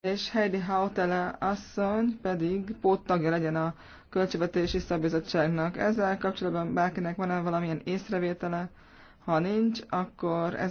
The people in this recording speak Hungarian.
és Heidi Hautele asszony pedig póttagja legyen a Költségvetési Szabizottságnak. Ezzel kapcsolatban bárkinek van-e valamilyen észrevétele? Ha nincs, akkor ez